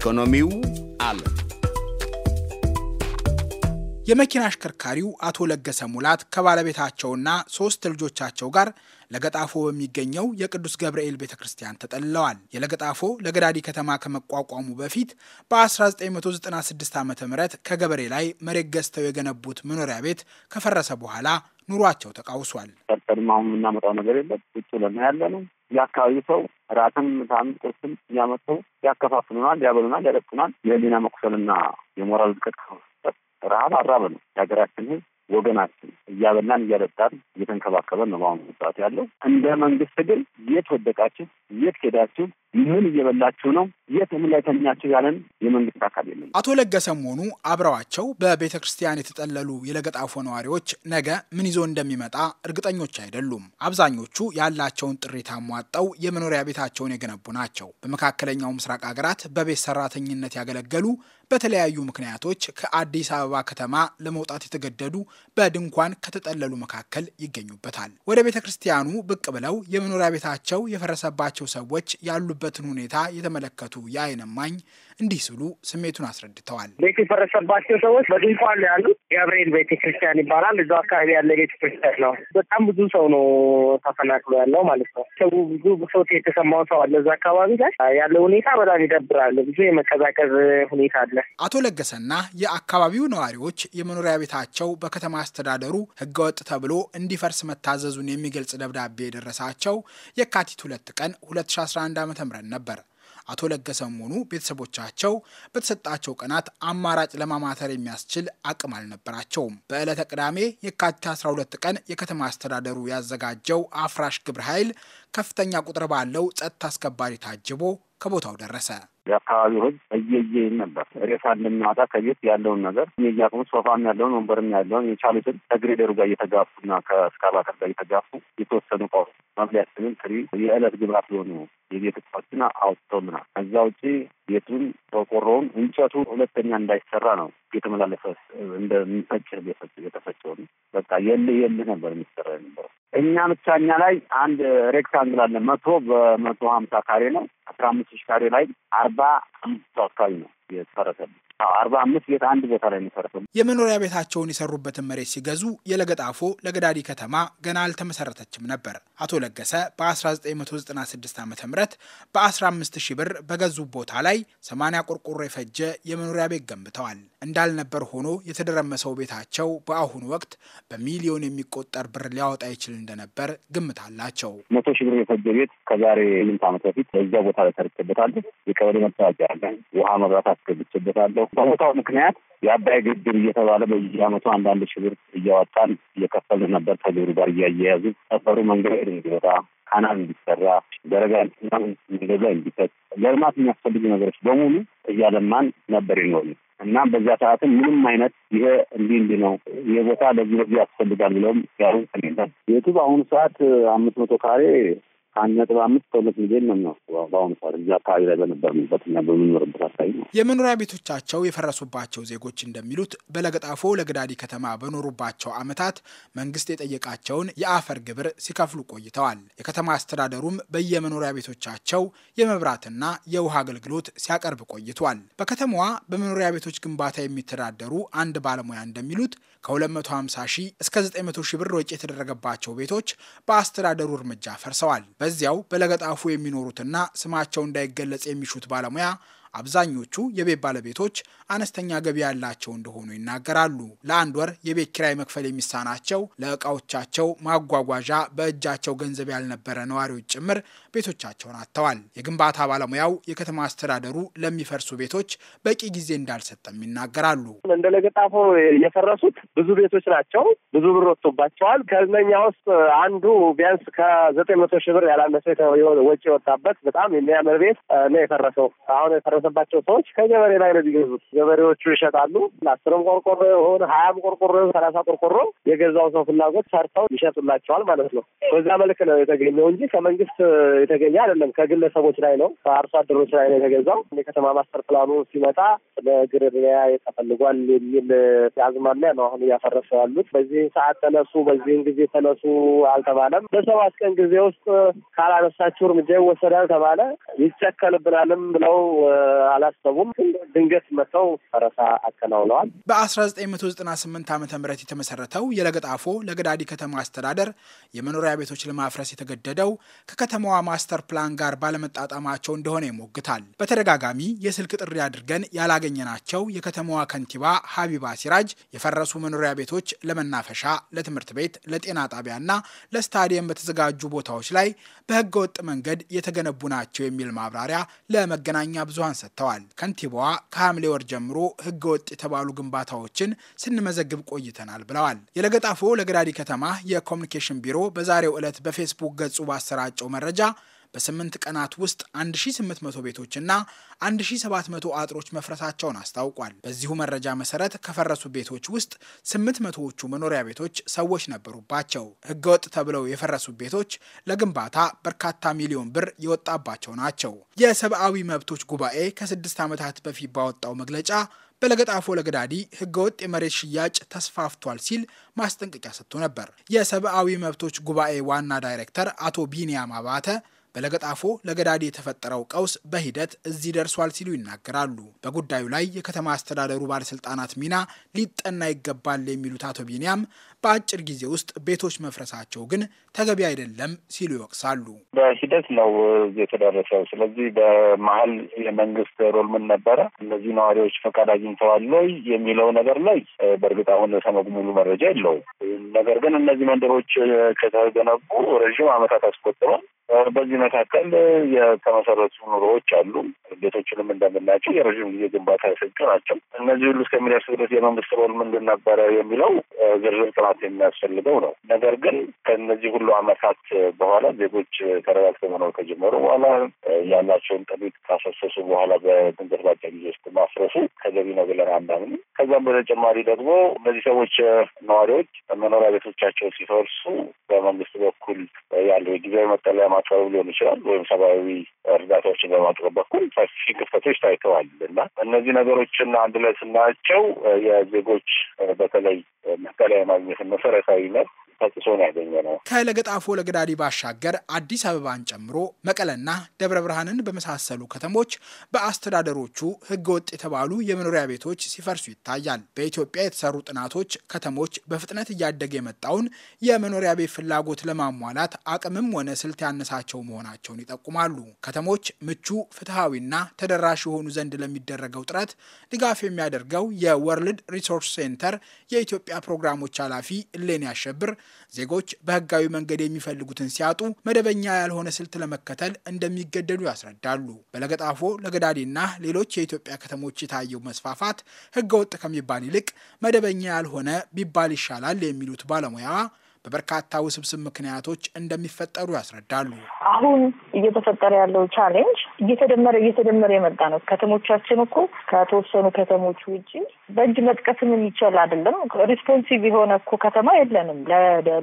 ኢኮኖሚው አለ። የመኪና አሽከርካሪው አቶ ለገሰ ሙላት ከባለቤታቸውና ሶስት ልጆቻቸው ጋር ለገጣፎ በሚገኘው የቅዱስ ገብርኤል ቤተ ክርስቲያን ተጠልለዋል። የለገጣፎ ለገዳዲ ከተማ ከመቋቋሙ በፊት በ1996 ዓ ም ከገበሬ ላይ መሬት ገዝተው የገነቡት መኖሪያ ቤት ከፈረሰ በኋላ ኑሯቸው ተቃውሷል። ሰርተን አሁን የምናመጣው ነገር የለም። ውጭ ለና ያለ ነው። የአካባቢ ሰው ራትም ምሳም ቁርስም እያመጡ ያከፋፍሉናል፣ ያበሉናል፣ ያጠጡናል። የህሊና መቁሰልና የሞራል ዝቀት ከመስጠት ረሀብ አራበ ነው የሀገራችን ህዝብ ወገናችን እያበላን እያጠጣን እየተንከባከበን ነው በአሁኑ ሰዓት ያለው። እንደ መንግስት ግን የት ወደቃችሁ፣ የት ሄዳችሁ፣ ምን እየበላችሁ ነው፣ የት ምን ላይ ተኛችሁ ያለን የመንግስት አካል የለም። አቶ ለገሰ መሆኑ አብረዋቸው በቤተ ክርስቲያን የተጠለሉ የለገጣፎ ነዋሪዎች ነገ ምን ይዞ እንደሚመጣ እርግጠኞች አይደሉም። አብዛኞቹ ያላቸውን ጥሪት አሟጠው የመኖሪያ ቤታቸውን የገነቡ ናቸው። በመካከለኛው ምስራቅ ሀገራት በቤት ሰራተኝነት ያገለገሉ በተለያዩ ምክንያቶች ከአዲስ አበባ ከተማ ለመውጣት የተገደዱ በድንኳን ከተጠለሉ መካከል ይገኙበታል። ወደ ቤተ ክርስቲያኑ ብቅ ብለው የመኖሪያ ቤታቸው የፈረሰባቸው ሰዎች ያሉበትን ሁኔታ የተመለከቱ የአይን እማኝ እንዲህ ሲሉ ስሜቱን አስረድተዋል። ቤት የፈረሰባቸው ሰዎች በድንኳን ነው ያሉት። ገብርኤል ቤተክርስቲያን ይባላል። እዛ አካባቢ ያለ ቤተክርስቲያን ነው። በጣም ብዙ ሰው ነው ተፈናቅሎ ያለው ማለት ነው። ሰው ብዙ ብሶት የተሰማው ሰው አለ። እዛ አካባቢ ላይ ያለው ሁኔታ በጣም ይደብራል። ብዙ የመቀዛቀዝ ሁኔታ አለ። አቶ ለገሰና የአካባቢው ነዋሪዎች የመኖሪያ ቤታቸው በከተማ አስተዳደሩ ህገወጥ ተብሎ እንዲፈርስ መታዘዙን የሚገልጽ ደብዳቤ የደረሳቸው የካቲት ሁለት ቀን 2011 ዓ ም ነበር። አቶ ለገሰ መሆኑ ቤተሰቦቻቸው በተሰጣቸው ቀናት አማራጭ ለማማተር የሚያስችል አቅም አልነበራቸውም። በዕለተ ቅዳሜ የካቲት 12 ቀን የከተማ አስተዳደሩ ያዘጋጀው አፍራሽ ግብረ ኃይል ከፍተኛ ቁጥር ባለው ጸጥታ አስከባሪ ታጅቦ ከቦታው ደረሰ። የአካባቢው ህዝብ እየየ ነበር። ሬሳ እንደሚያወጣ ከቤት ያለውን ነገር የያቅሙ ሶፋም ያለውን ወንበርም ያለውን የቻሉትን ከግሬደሩ ጋር እየተጋፉ እየተጋፉና ከስካባከር ጋር እየተጋፉ የተወሰኑ እቃዎች መብሊያ ስብል ትሪ የዕለት ግብራት የሆኑ የቤት እቃዎችን አውጥቶልናል። ከዛ ውጪ ቤቱን ቆርቆሮውን፣ እንጨቱ ሁለተኛ እንዳይሰራ ነው የተመላለፈ እንደሚፈጭ ቤት የተፈጨውን በቃ የል የል ነበር የሚሰራ የነበረው እኛ ብቻ እኛ ላይ አንድ ሬክታንግል አለ መቶ በመቶ ሀምሳ ካሬ ነው። አስራ አምስት ሺ ካሬ ላይ አርባ አምስቱ አካባቢ ነው የተፈረሰ አርባ አምስት ቤት አንድ ቦታ ላይ የሚፈረሰ የመኖሪያ ቤታቸውን የሰሩበትን መሬት ሲገዙ የለገጣፎ ለገዳዲ ከተማ ገና አልተመሰረተችም ነበር። አቶ ለገሰ በ1996 ዓ ም በ15 ሺህ ብር በገዙ ቦታ ላይ 80 ቆርቆሮ የፈጀ የመኖሪያ ቤት ገንብተዋል። እንዳልነበር ሆኖ የተደረመሰው ቤታቸው በአሁኑ ወቅት በሚሊዮን የሚቆጠር ብር ሊያወጣ ይችል እንደነበር ግምት አላቸው። መቶ ሺህ ብር የፈጀ ቤት ከዛሬ ስምንት ዓመት በፊት እዚያ ቦታ ላይ ሰርቼበታለሁ። የቀበሌ መታወቂያ አለን። ውሃ መብራት አስገብቼበታለሁ። በቦታው ምክንያት የአባይ ግድብ እየተባለ በየዓመቱ አንዳንድ ሺህ ብር እያወጣን እየከፈል ነበር። ከግብሩ ጋር እያያያዙ ሰፈሩ መንገድ እንዲወጣ፣ ካናል እንዲሰራ፣ ደረጋ እንደዛ እንዲሰጥ ለልማት የሚያስፈልጉ ነገሮች በሙሉ እያለማን ነበር ይኖሩ እና በዚያ ሰዓትም ምንም አይነት ይሄ እንዲህ እንዲህ ነው ይሄ ቦታ ለዚህ በዚህ ያስፈልጋል ብለውም ያሉ የቱ በአሁኑ ሰዓት አምስት መቶ ካሬ አንድ ነጥብ አምስት ከሁለት ሚሊዮን ነው የሚወስደው በአሁኑ ሰዓት እዚ አካባቢ ላይ በነበርንበት እና በምንኖርበት አካባቢ ነው። የመኖሪያ ቤቶቻቸው የፈረሱባቸው ዜጎች እንደሚሉት በለገጣፎ ለገዳዲ ከተማ በኖሩባቸው ዓመታት መንግስት የጠየቃቸውን የአፈር ግብር ሲከፍሉ ቆይተዋል። የከተማ አስተዳደሩም በየመኖሪያ ቤቶቻቸው የመብራትና የውሃ አገልግሎት ሲያቀርብ ቆይቷል። በከተማዋ በመኖሪያ ቤቶች ግንባታ የሚተዳደሩ አንድ ባለሙያ እንደሚሉት ከ250 ሺህ እስከ 900 ሺህ ብር ወጪ የተደረገባቸው ቤቶች በአስተዳደሩ እርምጃ ፈርሰዋል። በዚያው በለገጣፉ የሚኖሩትና ስማቸው እንዳይገለጽ የሚሹት ባለሙያ አብዛኞቹ የቤት ባለቤቶች አነስተኛ ገቢ ያላቸው እንደሆኑ ይናገራሉ። ለአንድ ወር የቤት ኪራይ መክፈል የሚሳናቸው ለእቃዎቻቸው ማጓጓዣ በእጃቸው ገንዘብ ያልነበረ ነዋሪዎች ጭምር ቤቶቻቸውን አጥተዋል። የግንባታ ባለሙያው የከተማ አስተዳደሩ ለሚፈርሱ ቤቶች በቂ ጊዜ እንዳልሰጠም ይናገራሉ። እንደ ለገጣፎ የፈረሱት ብዙ ቤቶች ናቸው። ብዙ ብር ወጥቶባቸዋል። ከእነኛ ውስጥ አንዱ ቢያንስ ከዘጠኝ መቶ ሺህ ብር ያላነሰ ወጪ የወጣበት በጣም የሚያምር ቤት ነው የፈረሰው አሁን የደረሰባቸው ሰዎች ከገበሬ ላይ ነው የሚገዙት። ገበሬዎቹ ይሸጣሉ። አስርም ቆርቆሮ የሆነ ሀያም ቆርቆሮ ሰላሳ ቆርቆሮ የገዛው ሰው ፍላጎት ሰርተው ይሸጡላቸዋል ማለት ነው። በዛ መልክ ነው የተገኘው እንጂ ከመንግስት የተገኘ አይደለም። ከግለሰቦች ላይ ነው፣ ከአርሶ አደሮች ላይ ነው የተገዛው። የከተማ ማስተር ፕላኑ ሲመጣ ለግርያ ተፈልጓል የሚል አዝማሚያ ነው አሁን እያፈረሰ ያሉት። በዚህን ሰዓት ተነሱ፣ በዚህን ጊዜ ተነሱ አልተባለም። በሰባት ቀን ጊዜ ውስጥ ካላነሳችሁ እርምጃ ይወሰዳል ተባለ። ይጨከልብናልም ብለው አላሰቡም። ድንገት መተው ፈረሳ አከናውነዋል። በአስራ ዘጠኝ መቶ ዘጠና ስምንት ዓመተ ምህረት የተመሰረተው የለገጣፎ ለገዳዲ ከተማ አስተዳደር የመኖሪያ ቤቶች ለማፍረስ የተገደደው ከከተማዋ ማስተር ፕላን ጋር ባለመጣጣማቸው እንደሆነ ይሞግታል። በተደጋጋሚ የስልክ ጥሪ አድርገን ያላገኘናቸው የከተማዋ ከንቲባ ሀቢባ ሲራጅ የፈረሱ መኖሪያ ቤቶች ለመናፈሻ፣ ለትምህርት ቤት፣ ለጤና ጣቢያና ለስታዲየም በተዘጋጁ ቦታዎች ላይ በህገወጥ መንገድ የተገነቡ ናቸው የሚል ማብራሪያ ለመገናኛ ብዙሀን ሰጥተዋል። ከንቲባዋ ከሐምሌ ወር ጀምሮ ወጥ የተባሉ ግንባታዎችን ስንመዘግብ ቆይተናል ብለዋል። የለገጣፎ ለገዳዲ ከተማ የኮሚኒኬሽን ቢሮ በዛሬው ዕለት በፌስቡክ ገጹ ባሰራጨው መረጃ በስምንት ቀናት ውስጥ 1800 ቤቶችና 1700 አጥሮች መፍረሳቸውን አስታውቋል። በዚሁ መረጃ መሰረት ከፈረሱ ቤቶች ውስጥ 800ዎቹ መኖሪያ ቤቶች ሰዎች ነበሩባቸው። ህገወጥ ተብለው የፈረሱ ቤቶች ለግንባታ በርካታ ሚሊዮን ብር የወጣባቸው ናቸው። የሰብአዊ መብቶች ጉባኤ ከስድስት ዓመታት በፊት ባወጣው መግለጫ በለገጣፎ ለገዳዲ ህገወጥ የመሬት ሽያጭ ተስፋፍቷል ሲል ማስጠንቀቂያ ሰጥቶ ነበር። የሰብአዊ መብቶች ጉባኤ ዋና ዳይሬክተር አቶ ቢኒያም አባተ በለገጣፎ ለገዳዲ የተፈጠረው ቀውስ በሂደት እዚህ ደርሷል ሲሉ ይናገራሉ። በጉዳዩ ላይ የከተማ አስተዳደሩ ባለስልጣናት ሚና ሊጠና ይገባል የሚሉት አቶ ቢኒያም በአጭር ጊዜ ውስጥ ቤቶች መፍረሳቸው ግን ተገቢ አይደለም ሲሉ ይወቅሳሉ። በሂደት ነው የተደረሰው። ስለዚህ በመሀል የመንግስት ሮል ምን ነበረ? እነዚህ ነዋሪዎች ፈቃድ አግኝተዋል ወይ የሚለው ነገር ላይ በእርግጥ አሁን ሰመጉ ሙሉ መረጃ የለውም። ነገር ግን እነዚህ መንደሮች ከተገነቡ ረዥም ዓመታት አስቆጥሯል። በዚህ መካከል የተመሰረቱ ኑሮዎች አሉ። ቤቶችንም እንደምናቸው የረዥም ጊዜ ግንባታ የሰጁ ናቸው። እነዚህ ሁሉ እስከሚደርስ ድረስ የመንግስት ሮል ምንድን ነበረ የሚለው ዝርዝር ጥናት የሚያስፈልገው ነው። ነገር ግን ከእነዚህ ሁሉ አመታት በኋላ ዜጎች ተረጋግተ መኖር ከጀመሩ በኋላ ያላቸውን ጥሪት ካፈሰሱ በኋላ በድንገት ባጭር ጊዜ ውስጥ ማፍረሱ ተገቢ ነው ብለን አናምንም። ከዚያም በተጨማሪ ደግሞ እነዚህ ሰዎች ነዋሪዎች መኖሪያ ቤቶቻቸው ሲፈርሱ በመንግስት በኩል ያለው የጊዜያዊ መጠለያ ማቅረብ ሊሆን ሊሆን ይችላል ወይም ሰብአዊ እርዳታዎችን በማቅረብ በኩል ሰፊ ክፍተቶች ታይተዋል እና እነዚህ ነገሮችን አንድ ላይ ስናያቸው የዜጎች በተለይ መጠለያ ማግኘትን መሰረታዊ ተጽሶ ነው ያገኘ ነው። ከለገጣፎ ለገዳዲ ባሻገር አዲስ አበባን ጨምሮ መቀለና ደብረ ብርሃንን በመሳሰሉ ከተሞች በአስተዳደሮቹ ህገወጥ የተባሉ የመኖሪያ ቤቶች ሲፈርሱ ይታያል። በኢትዮጵያ የተሰሩ ጥናቶች ከተሞች በፍጥነት እያደገ የመጣውን የመኖሪያ ቤት ፍላጎት ለማሟላት አቅምም ሆነ ስልት ያነሳቸው መሆናቸውን ይጠቁማሉ። ከተሞች ምቹ ፍትሐዊና ተደራሽ የሆኑ ዘንድ ለሚደረገው ጥረት ድጋፍ የሚያደርገው የወርልድ ሪሶርስ ሴንተር የኢትዮጵያ ፕሮግራሞች ኃላፊ እሌን ያሸብር ዜጎች በህጋዊ መንገድ የሚፈልጉትን ሲያጡ መደበኛ ያልሆነ ስልት ለመከተል እንደሚገደዱ ያስረዳሉ። በለገጣፎ ለገዳዴና ሌሎች የኢትዮጵያ ከተሞች የታየው መስፋፋት ህገወጥ ከሚባል ይልቅ መደበኛ ያልሆነ ቢባል ይሻላል የሚሉት ባለሙያ በበርካታ ውስብስብ ምክንያቶች እንደሚፈጠሩ ያስረዳሉ። አሁን እየተፈጠረ ያለው ቻሌንጅ እየተደመረ እየተደመረ የመጣ ነው። ከተሞቻችን እኮ ከተወሰኑ ከተሞች ውጭ በእጅ መጥቀስም የሚቻል አይደለም። ሪስፖንሲቭ የሆነ እኮ ከተማ የለንም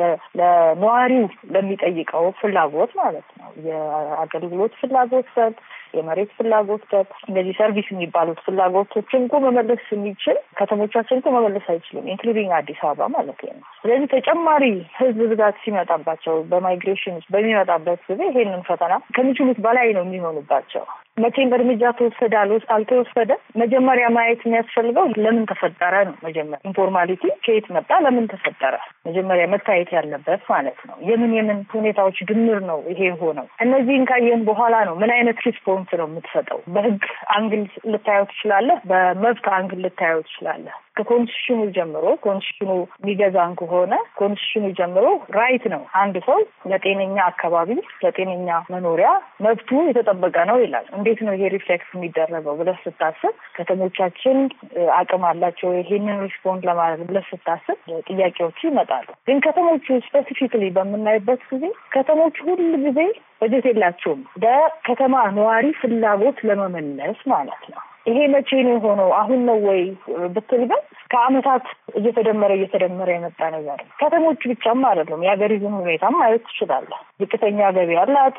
ለነዋሪው ለሚጠይቀው ፍላጎት ማለት ነው። የአገልግሎት ፍላጎት ሰጥ የመሬት ፍላጎት ሰጥ፣ እነዚህ ሰርቪስ የሚባሉት ፍላጎቶችን እኮ መመለስ የሚችል ከተሞቻችን እኮ መመለስ አይችልም፣ ኢንክሉዲንግ አዲስ አበባ ማለት ነው። ስለዚህ ተጨማሪ ህዝብ ብዛት ሲመጣባቸው በማይግሬሽን ውስጥ በሚመጣበት ጊዜ ይሄንን ፈተና ከሚችሉት በላይ ነው የሚሆኑባቸው። መቼም እርምጃ ተወሰደ አልተወሰደ መጀመሪያ ማየት የሚያስፈልገው ለምን ተፈጠረ ነው። መጀመሪያ ኢንፎርማሊቲ ከየት መጣ፣ ለምን ተፈጠረ መጀመሪያ መታየት ያለበት ማለት ነው። የምን የምን ሁኔታዎች ድምር ነው ይሄ ሆነው። እነዚህን ካየን በኋላ ነው ምን አይነት ሪስፖንስ ነው የምትሰጠው። በህግ አንግል ልታየው ትችላለህ፣ በመብት አንግል ልታየው ትችላለህ። ከኮንስቲቱሽኑ ጀምሮ ኮንስቲቱሽኑ የሚገዛን ከሆነ ኮንስቲቱሽኑ ጀምሮ ራይት ነው አንድ ሰው ለጤነኛ አካባቢ ለጤነኛ መኖሪያ መብቱ የተጠበቀ ነው ይላል። እንዴት ነው ይሄ ሪፍሌክስ የሚደረገው ብለህ ስታስብ ከተሞቻችን አቅም አላቸው ይሄንን ሪስፖንድ ለማድረግ ብለህ ስታስብ ጥያቄዎቹ ይመጣሉ። ግን ከተሞቹ ስፔሲፊክሊ በምናይበት ጊዜ ከተሞቹ ሁሉ ጊዜ በጀት የላቸውም በከተማ ነዋሪ ፍላጎት ለመመለስ ማለት ነው። ይሄ መቼ ነው የሆነው? አሁን ነው ወይ ብትልበት ከአመታት እየተደመረ እየተደመረ የመጣ ነገር ከተሞች ብቻም አይደለም። የሀገሪቱን ሁኔታ ማየት ትችላለህ። ዝቅተኛ ገቢ ያላት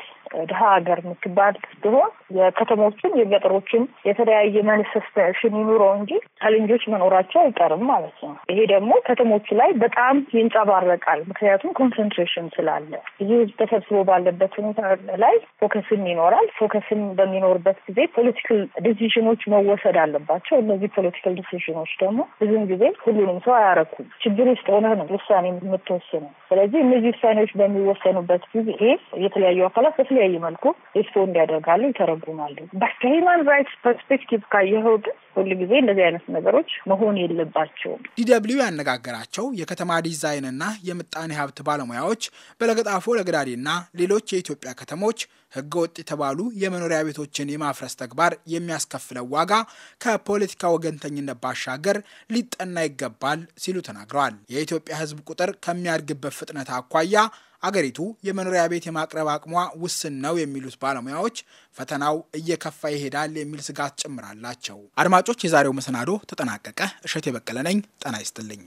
ድሀ ሀገር የምትባል ስትሆን የከተሞችን የገጠሮችን የተለያየ ማኒፌስቴሽን ይኑረው እንጂ ቻሌንጆች መኖራቸው አይቀርም ማለት ነው። ይሄ ደግሞ ከተሞቹ ላይ በጣም ይንጸባረቃል። ምክንያቱም ኮንሰንትሬሽን ስላለ ብዙ ህዝብ ተሰብስቦ ባለበት ሁኔታ ላይ ፎከስም ይኖራል። ፎከስም በሚኖርበት ጊዜ ፖለቲካል ዲሲዥኖች መወሰድ አለባቸው። እነዚህ ፖለቲካል ዲሲዥኖች ደግሞ ብዙ ሁልም ጊዜ ሁሉንም ሰው አያረኩም። ችግር ውስጥ ሆነህ ነው ውሳኔ የምትወስነው። ስለዚህ እነዚህ ውሳኔዎች በሚወሰኑበት ጊዜ የተለያዩ አካላት በተለያየ መልኩ ሪስፖንድ ያደርጋሉ፣ ይተረጉማሉ። ከሂውማን ራይትስ ፐርስፔክቲቭ ካየኸው ግን ጊዜ እንደዚህ አይነት ነገሮች መሆን የለባቸውም። ዲደብሊው ያነጋገራቸው የከተማ ዲዛይንና የምጣኔ ሀብት ባለሙያዎች በለገጣፎ ለገዳዴና ሌሎች የኢትዮጵያ ከተሞች ህገወጥ የተባሉ የመኖሪያ ቤቶችን የማፍረስ ተግባር የሚያስከፍለው ዋጋ ከፖለቲካ ወገንተኝነት ባሻገር ሊጠ ሊጠና ይገባል ሲሉ ተናግረዋል። የኢትዮጵያ ሕዝብ ቁጥር ከሚያድግበት ፍጥነት አኳያ አገሪቱ የመኖሪያ ቤት የማቅረብ አቅሟ ውስን ነው የሚሉት ባለሙያዎች ፈተናው እየከፋ ይሄዳል የሚል ስጋት ጭምራላቸው። አድማጮች፣ የዛሬው መሰናዶ ተጠናቀቀ። እሸት የበቀለ ነኝ። ጤና ይስጥልኝ።